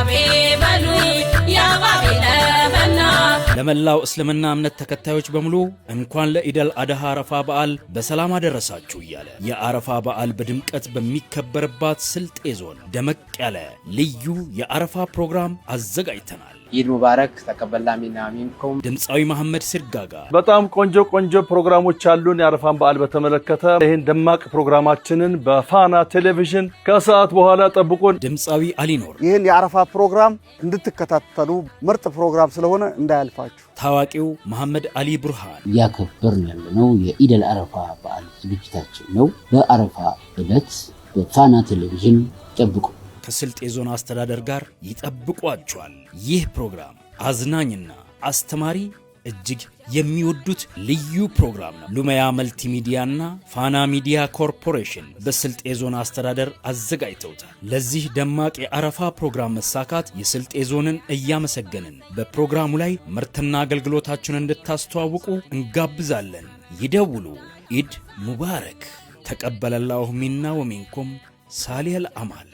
I'm sabe. ለመላው እስልምና እምነት ተከታዮች በሙሉ እንኳን ለኢደል አድሃ አረፋ በዓል በሰላም አደረሳችሁ እያለ የአረፋ በዓል በድምቀት በሚከበርባት ስልጤ ዞን ደመቅ ያለ ልዩ የአረፋ ፕሮግራም አዘጋጅተናል። ኢድ ሙባረክ ተቀበላ ሚና ሚንኩም። ድምፃዊ መሐመድ ሲርጋጋ በጣም ቆንጆ ቆንጆ ፕሮግራሞች አሉን። የአረፋን በዓል በተመለከተ ይህን ደማቅ ፕሮግራማችንን በፋና ቴሌቪዥን ከሰዓት በኋላ ጠብቁን። ድምፃዊ አሊኖር ይህን የአረፋ ፕሮግራም እንድትከታተሉ ምርጥ ፕሮግራም ስለሆነ እንዳያልፋ አደረሳችሁ። ታዋቂው መሐመድ አሊ ቡርሃን እያከበርን ያለነው የኢደል አረፋ በዓል ዝግጅታችን ነው። በአረፋ ዕለት በፋና ቴሌቪዥን ጠብቁ። ከስልጤ ዞን አስተዳደር ጋር ይጠብቋቸዋል። ይህ ፕሮግራም አዝናኝና አስተማሪ እጅግ የሚወዱት ልዩ ፕሮግራም ነው። ሉሜያ መልቲሚዲያና ፋና ሚዲያ ኮርፖሬሽን በስልጤ ዞን አስተዳደር አዘጋጅተውታል። ለዚህ ደማቅ የአረፋ ፕሮግራም መሳካት የስልጤ ዞንን እያመሰገንን በፕሮግራሙ ላይ ምርትና አገልግሎታችሁን እንድታስተዋውቁ እንጋብዛለን። ይደውሉ። ኢድ ሙባረክ። ተቀበለላሁ ሚና ወሚንኩም ሳሊያል አማል